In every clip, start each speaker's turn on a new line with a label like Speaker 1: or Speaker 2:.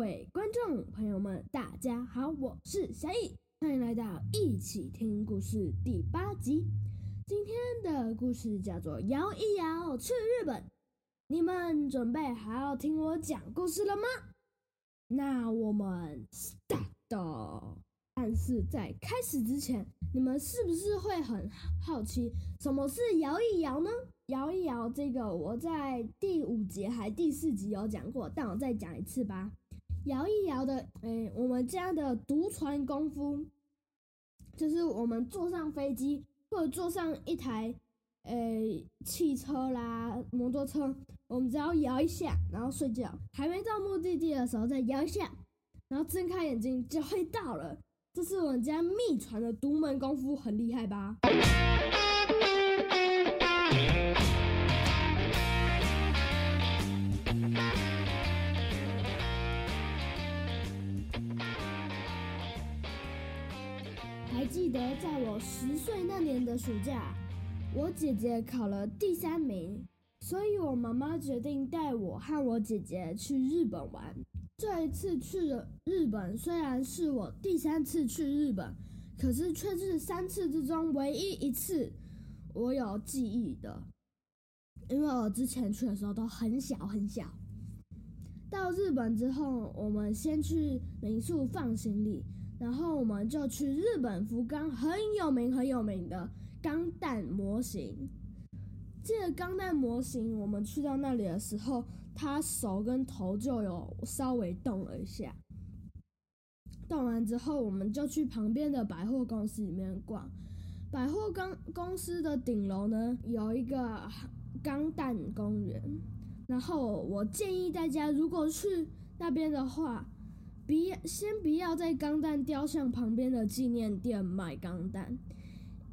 Speaker 1: 各位觀眾朋友們，大家好，我是小易，歡迎來到一起聽故事第八集。今天的故事叫做《搖一搖去日本》，你們準備好要聽我講故事了嗎？那我們 start。但是在開始之前，你們是不是會很好奇什麼是搖一搖呢？搖一搖這個我在第五集還第四集有講過，但我再講一次吧。搖一搖的，欸，我們家的獨傳功夫，就是我們坐上飛機或者坐上一台，欸，汽車啦、摩托車，我們只要搖一下，然後睡覺，還沒到目的地的時候再搖一下，然後睜開眼睛就會到了。這是我們家秘傳的獨門功夫，很厲害吧？歲那年的暑假，我姐姐考了第三名，所以我媽媽決定帶我和我姐姐去日本玩。這一次去日本雖然是我第三次去日本，可是卻是三次之中唯一一次我有記憶的，因為我之前去的時候都很小很小。到日本之後，我們先去民宿放行李。然後我們就去日本福岡很有名很有名的鋼彈模型。這個鋼彈模型，我們去到那裡的時候，他手跟頭就有稍微動了一下。動完之後，我們就去旁邊的百貨公司裡面逛。百貨公公司的頂樓呢，有一個鋼彈公園。然後我建議大家，如果去那邊的話，先不要在鋼彈雕像旁邊的紀念店買鋼彈，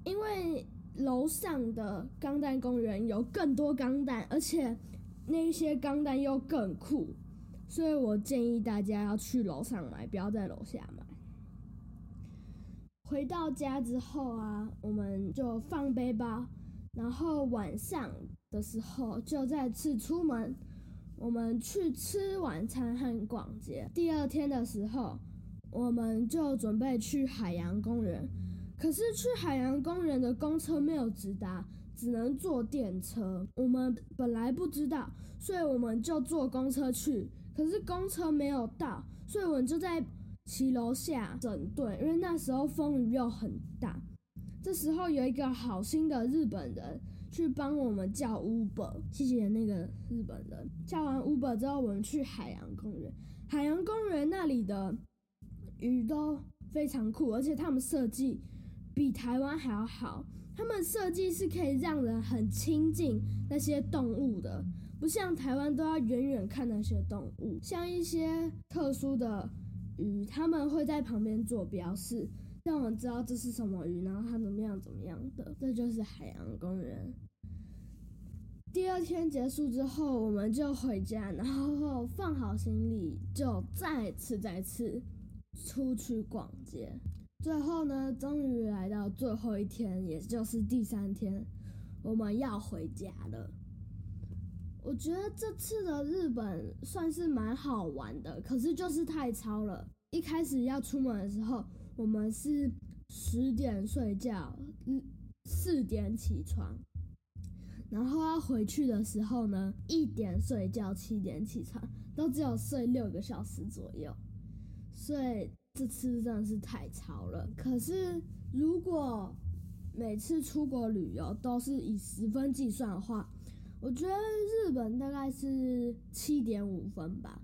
Speaker 1: 因為樓上的鋼彈公園有更多鋼彈，而且那些鋼彈又更酷，所以我建議大家要去樓上買，不要在樓下買。回到家之後啊，我們就放背包，然後晚上的時候就再次出門。我們去吃晚餐和逛街。第二天的時候，我們就準備去海洋公園，可是去海洋公園的公車沒有直達，只能坐電車。我們本來不知道，所以我們就坐公車去。可是公車沒有到，所以我們就在騎樓下整頓，因為那時候風雨又很大。這時候有一個好心的日本人，去幫我們叫 Uber，謝謝那個日本人。叫完 Uber 之後，我們去海洋公園。海洋公園那裡的魚都非常酷，而且他們設計比台灣還要好。他們設計是可以讓人很親近那些動物的，不像台灣都要遠遠看那些動物。像一些特殊的魚，他們會在旁邊做標示，讓我們知道這是什麼魚，然後它怎麼樣怎麼樣的。這就是海洋公園。第二天結束之後，我們就回家，然後放好行李，就再次再次出去逛街。最後呢，終於來到最後一天，也就是第三天，我們要回家了。我覺得這次的日本算是蠻好玩的，可是就是太超了。一開始要出門的時候，我們是十點睡覺，嗯，四點起床。然後要回去的時候呢，一點睡覺，七點起床，都只有睡六個小時左右，所以這次真的是太超了。可是如果每次出國旅遊都是以十分計算的話，我覺得日本大概是七點五分吧，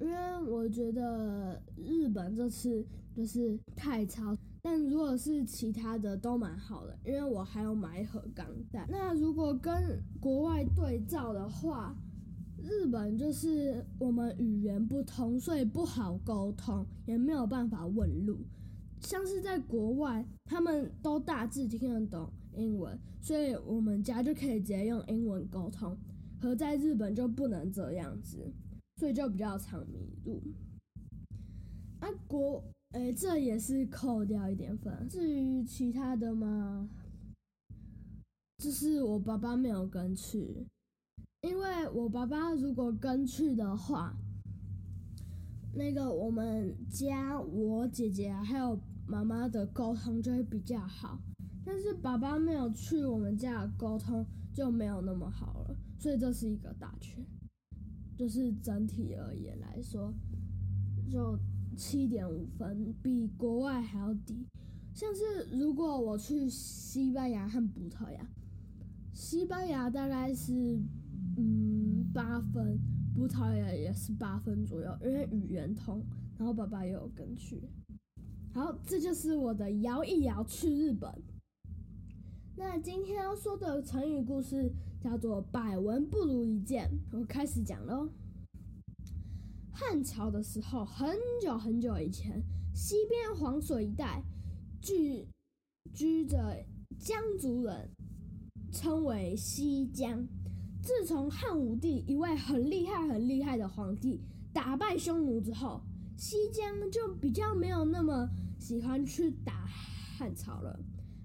Speaker 1: 因為我覺得日本這次就是太超。但如果是其他的都蠻好的，因為我還要買一盒鋼彈。那如果跟國外對照的話，日本就是我們語言不通，所以不好溝通，也沒有辦法問路。像是在國外，他們都大致聽得懂英文，所以我們家就可以直接用英文溝通，和在日本就不能這樣子，所以就比較常迷路。啊，國。誒、欸，這也是扣掉一點分。至於其他的嘛，就是我爸爸沒有跟去，因為我爸爸如果跟去的話，那個我們家我姐姐還有媽媽的溝通就會比較好。但是爸爸沒有去，我們家溝通就沒有那麼好了。所以這是一個大全，就是整體而言來說，就。七點五分，比國外還要低。像是如果我去西班牙和葡萄牙，西班牙大概是嗯八分，葡萄牙也是八分左右，因為語言通，然後爸爸也有跟去。好，這就是我的搖一搖去日本。那今天要說的成語故事叫做“百聞不如一見”，我開始講嘍。漢朝的時候，很久很久以前，西邊黃水一帶聚居着羌族人，稱為西羌。自從漢武帝一位很厲害很厲害的皇帝打敗匈奴之後，西羌就比較沒有那麼喜歡去打漢朝了。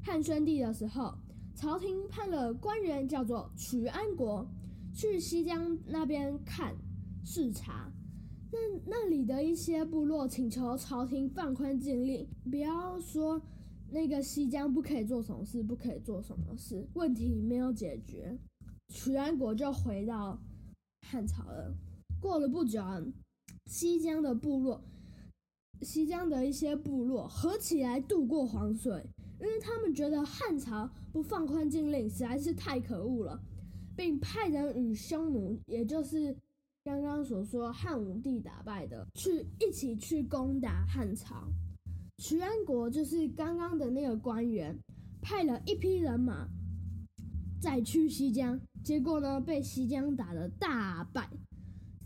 Speaker 1: 漢宣帝的時候，朝廷派了官員叫做渠安國，去西羌那邊看視察。那那裡的一些部落請求朝廷放寬禁令，不要說那個西疆，不可以做什麼事，不可以做什麼事。問題沒有解決，渠安國就回到漢朝了。過了不久啊，西疆的部落，西疆的一些部落合起來渡過黃水，因為他們覺得漢朝不放寬禁令實在是太可惡了，並派人與匈奴，也就是。剛剛所說漢武帝打敗的，去一起去攻打漢朝。徐安國就是剛剛的那個官員，派了一批人馬再去西羌，結果呢，被西羌打得大敗。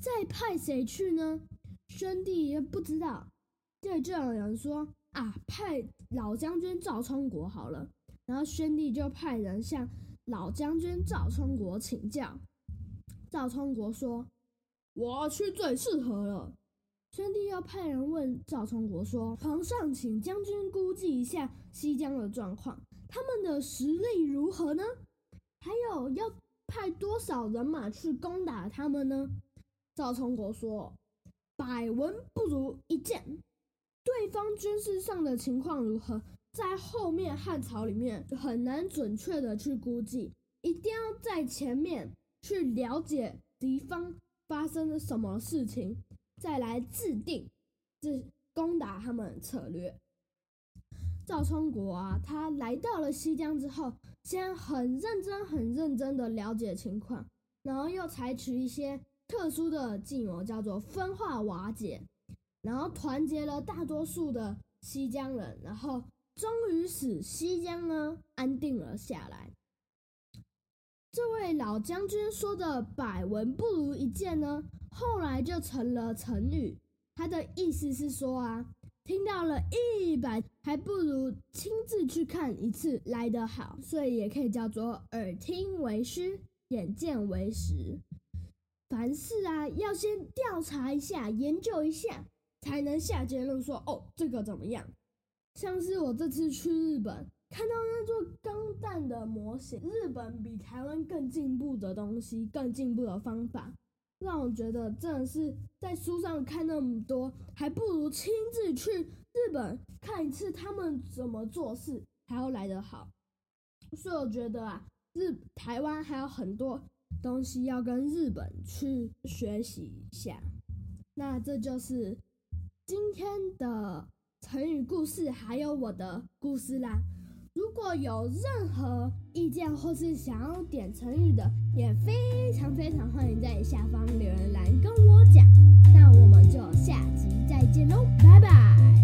Speaker 1: 再派誰去呢？宣帝也不知道。對，就有人說啊，派老將軍趙充國好了。然後宣帝就派人向老將軍趙充國請教。趙充國說。我去最適合了。宣帝，要派人問趙充國說：“皇上，請將軍估計一下西羌的狀況，他們的實力如何呢？還有要派多少人馬去攻打他們呢？”趙充國說：“百聞不如一見，對方軍事上的情況如何，在後面漢朝裡面就很難準確的去估計，一定要在前面去了解敵方。”發生了什麼事情，再來制定這攻打他們的策略。趙充國啊，他來到了西羌之後，先很認真、很認真的了解情況，然後又採取一些特殊的計謀，叫做分化瓦解，然後團結了大多數的西羌人，然後終於使西羌呢安定了下來。這位老將軍說的“百聞不如一見”呢，後來就成了成語。他的意思是說啊，聽到了一百，還不如親自去看一次來得好。所以也可以叫做“耳聽為虛，眼見為實”。凡事啊，要先調查一下、研究一下，才能下結論說哦，這個怎麼樣？像是我這次去日本。看到那座鋼彈的模型，日本比台灣更進步的東西，更進步的方法，讓我覺得真的是在書上看那麼多，還不如親自去日本看一次他們怎麼做事還要來得好。所以我覺得啊，日台灣還有很多東西要跟日本去學習一下。那這就是今天的成語故事，還有我的故事啦。如果有任何意見或是想要點成語的，也非常非常歡迎在下方留言來跟我講。那我們就下集再見嘍，拜拜。